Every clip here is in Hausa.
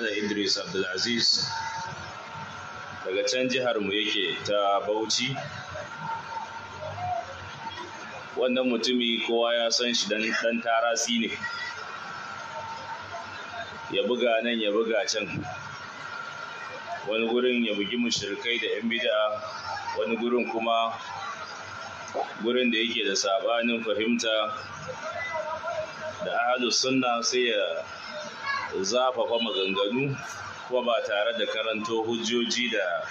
da Idris Abdulaziz daga can jihar mu yake ta Bauchi wannan mutumi kowa ya san shi dan dan tarasi ne ya buga nan ya buga can wani gurin ya bugi mushrikai da yan bid'a wani gurin kuma gurin da yake da sabanin fahimta da ahadu sunna sai ya Za zafafa maganganu kuma ba tare da karanto hujjoji da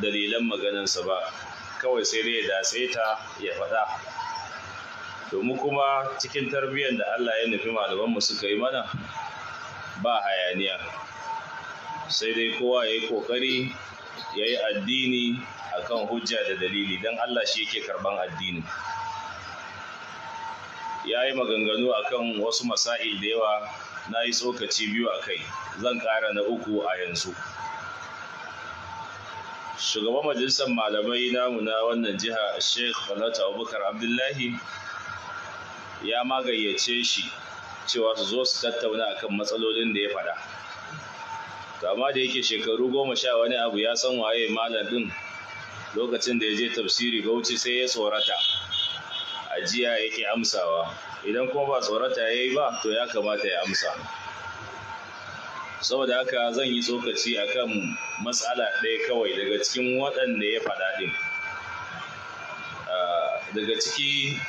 dalilan maganansa ba kawai sai dai ya datse ta ya faɗa domin kuma cikin tarbiyyar da Allah ya nufi malamanmu suka yi mana ba hayaniya sai dai kowa ya yi ƙoƙari ya yi addini akan hujja da dalili don Allah shi yake karban addini ya yi maganganu akan wasu masa'il da yawa na yi tsokaci biyu a kai zan kara na uku a yanzu shugaban majalisar malamai namu na wannan jiha sheikh falata abubakar abdullahi ya magayyace shi cewa su zo su tattauna akan matsalolin da ya faɗa kama da yake shekaru goma sha wani abu ya san waye malamin lokacin da ya je tafsiri bauchi sai ya tsorata ajiya yake amsawa idan kuma ba tsorata ya yi ba to ya kamata ya amsa saboda haka zan yi tsokaci akan matsala ɗaya kawai daga cikin waɗanda ya faɗa ɗin ah, daga ciki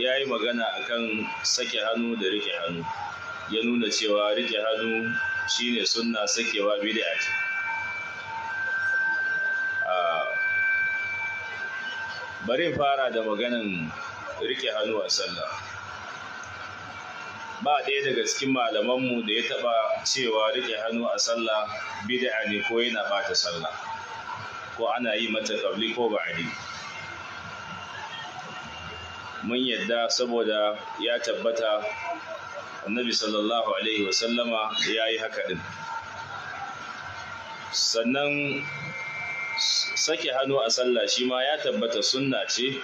ya yi magana akan sake hannu da rike hannu ya nuna cewa rike hannu shine sunna sakewa bid'a ce ah, bari fara da maganan rike hannu a sallah ba ɗaya daga cikin malamanmu da ya taɓa cewa rike hannu a sallah bid'a ne ko yana bata sallah ko ana yi mata ƙabli ko ba'adi mun yadda saboda ya tabbata annabi sallallahu alaihi wasallama ya yi haka ɗin sannan sake hannu a sallah shi ma ya tabbata sunna ce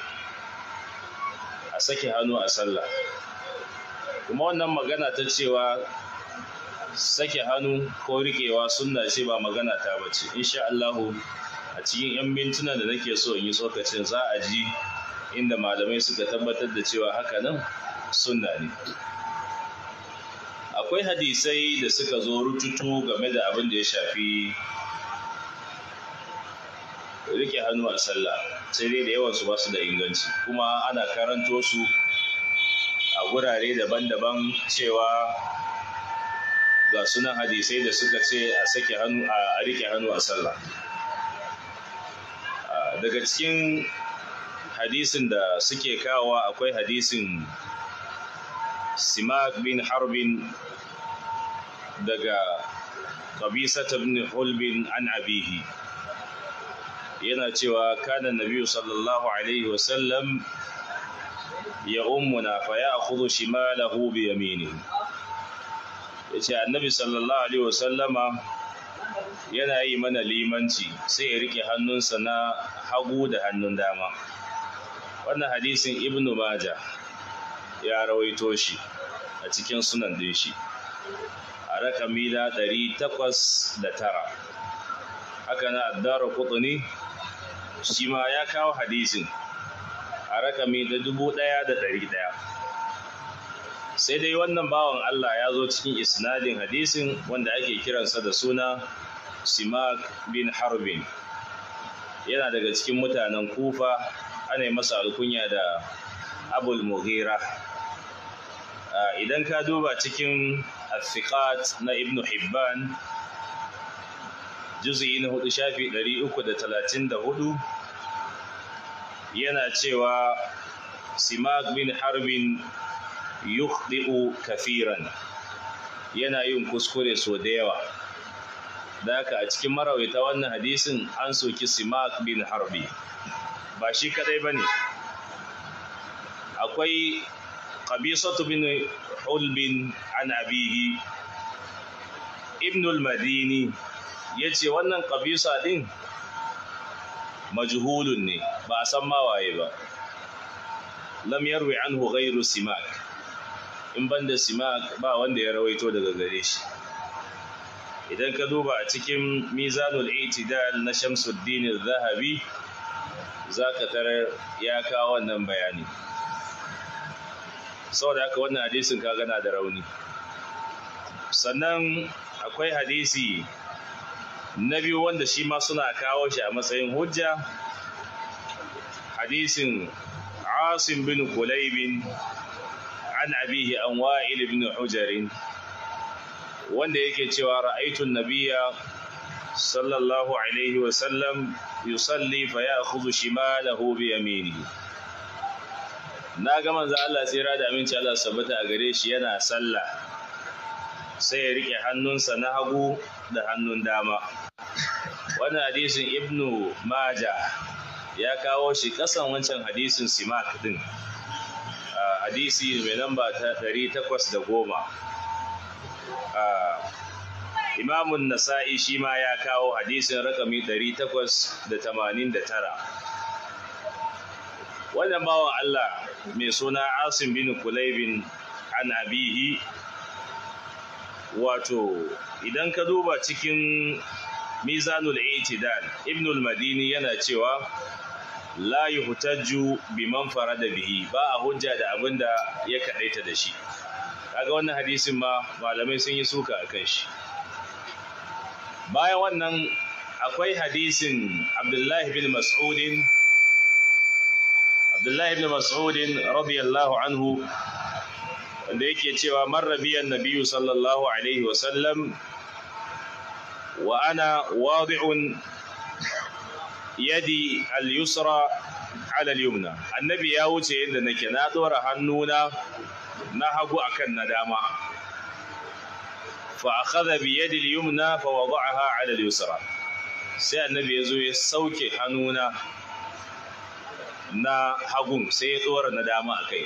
a sake hannu a sallah kuma wannan magana ta cewa sake hannu ko rikewa sunna ce ba magana ta bace insha Allahu a cikin yan mintuna da nake so in yi tsokacin za a ji inda malamai suka tabbatar da cewa haka nan sunna ne akwai hadisai da suka zo rututu game da abin da ya shafi rike hannu a sallah sai dai da yawansu ba su da inganci kuma ana karanto su a gurare daban-daban cewa ga sunan hadisai da suka ce a sake hannu a rike hannu a sallah daga cikin hadisin da suke kawo akwai hadisin simak bin harbin daga ta bin hulbin an abihi yana cewa kanan Nabi'u sallallahu alaihi wasallam ya ummuna fa ya akhudhu shimalahu bi yaminihi yace annabi sallallahu alaihi wasallama yana yi mana limanci sai ya rike hannunsa na hagu da hannun dama wannan hadisin ibnu majah ya rawaito shi a cikin sunan din shi a rakami na 809 haka na addara kutuni shi ma ya kawo hadisin a rakami da dubu ɗaya da ɗari ɗaya sai dai wannan bawan Allah ya zo cikin isnadin hadisin wanda ake kiransa da suna simak bin harbin yana daga cikin mutanen kufa ana yi masa alkunya da abul mughira idan ka duba cikin athiqat na ibn hibban juz'i na hudu shafi 334 yana cewa simak bin harbin yukhdi'u kafiran yana yin kuskure so da yawa da haka a cikin marawaita wannan hadisin an soki simak bin harbi ba shi kadai ba ne akwai qabisatu bin ulbin an abihi ibnul madini ya ce wannan qabisa din majhulun ne ba a san mawaye ba lam yarwi anhu ghairu simak in banda simak ba wanda ya rawaito daga gare shi idan ka duba a cikin mizanul itidal na shamsuddin zahabi zaka tarar ya kawo wannan bayani saboda haka wannan hadisin ka gana da rauni sannan akwai hadisi na biyu wanda shi ma suna kawo shi a matsayin hujja hadisin asim bin kulaibin an abihi an wa'il bin hujarin wanda yake cewa ra'aitun nabiya sallallahu alaihi wasallam yusalli fa ya'khudhu shimalahu bi yaminihi na ga manzo Allah tsira da aminci Allah sabbata a gare shi yana sallah sai ya rike hannunsa na hagu da hannun dama wannan hadisin ibnu maja ya kawo shi kasan wancan hadisin simak din hadisi mai lamba ta 810 imamun nasa'i shi ma ya kawo hadisin rakami 889 wannan bawan Allah mai suna asim bin kulaibin an abihi wato idan ka duba cikin mizanul itidal ibnul madini yana cewa la yuhtajju biman farada bihi ba a hujja da abin da ya kadaita da shi kaga wannan hadisin ma malamai sun yi suka a kan shi bayan wannan akwai hadisin abdullahi bin mas'udin abdullahi bin mas'udin radiyallahu anhu wanda yake cewa marrabiyan nabiyyu sallallahu alaihi wasallam وأنا واضع يدي اليسرى على اليمنى النبي يا وجه إن نكنا دور هنونا نهجو أكن نداما فأخذ بيد اليمنى فوضعها على اليسرى sai annabi ya zo ya sauke hannuna na hagun sai ya tsora na dama a kai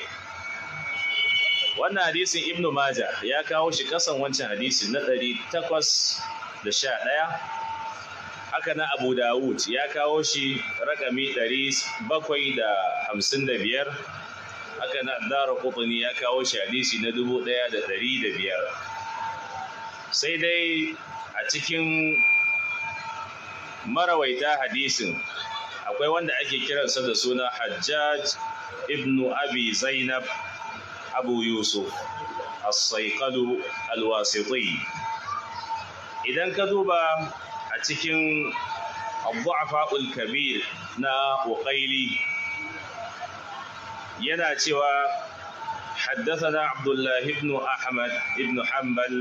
wannan hadisin ibnu maja ya kawo shi kasan wancan hadisin na ɗari takwas da sha ɗaya haka na abu dawud ya kawo shi rakami ɗari bakwai da hamsin da biyar haka na ya kawo shi hadisi na dubu ɗaya da ɗari da biyar sai dai a cikin marawaita hadisin akwai wanda ake kiransa da suna hajjaj ibnu abi zainab abu yusuf as-saiqadu al-wasiti idan ka duba a cikin abu'afa'ul kabir na waƙaili yana cewa حدثنا عبد الله بن أحمد بن حنبل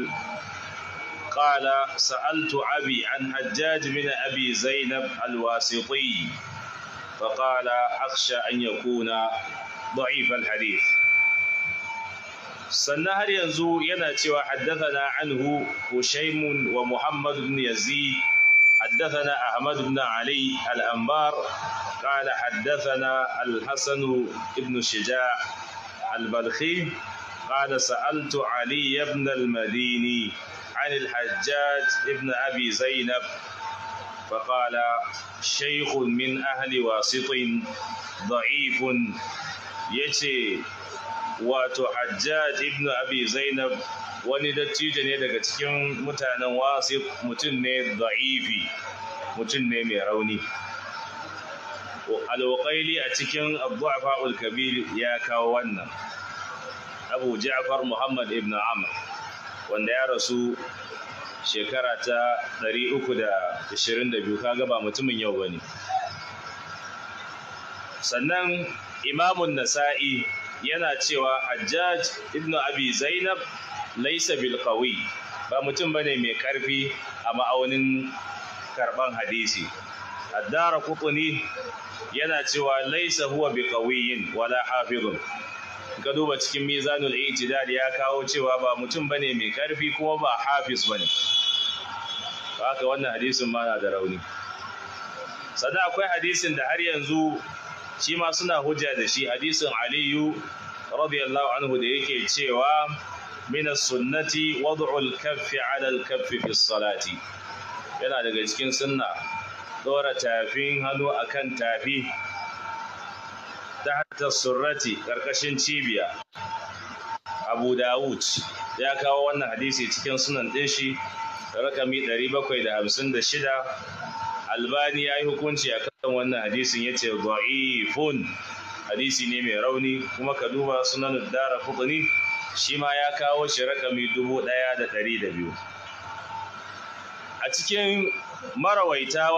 قال سألت أبي عن حجاج من أبي زينب الواسطي فقال أخشى أن يكون ضعيف الحديث sannan har yanzu yana cewa haddathana anhu Hushaym wa Muhammad ibn Yazid haddathana Ahmad ibn Ali al-Anbar qala haddathana al-Hasan ibn Shija' al-Balkhi qala sa'altu Ali ibn al-Madini عن الحجاج ابن أبي زينب فقال شيخ من أهل واسط ضعيف يتي wato hajjaj ibn abi zainab wani dattijo ne daga cikin mutanen wasi mutum ne da'ifi mutum ne mai rauni alwaƙaili a cikin abdu'afa kabir ya kawo wannan abu ja'far muhammad ibn amr wanda ya rasu shekara ta 322 kaga ba mutumin yau bane sannan imamun nasa'i yana cewa hajjaj ibnu abi zainab laisa bil qawi ba mutum bane mai karfi a ma'aunin karban hadisi addara kutuni yana cewa laisa huwa bi qawiyin wala hafizun ga duba cikin mizanul i'tidal ya kawo cewa ba mutum bane mai karfi kuma ba hafiz bane haka wannan hadisin ma na da rauni sannan akwai hadisin da har yanzu shi ma suna hujja da shi hadisin aliyu radiyallahu anhu da yake cewa min sunnati wad'u al-kaffi 'ala al-kaffi fi salati yana daga cikin sunna dora tafin hannu akan tafi tahta surrati karkashin cibiya abu dawud ya kawo wannan hadisi cikin sunan din shi rakami 756 albani ya yi hukunci a kan wannan hadisin ya ce fun hadisi ne mai rauni kuma ka duba sunan dara fukuni shi ma ya kawo shi rakami dubu ɗaya da ɗari da biyu a cikin marawaita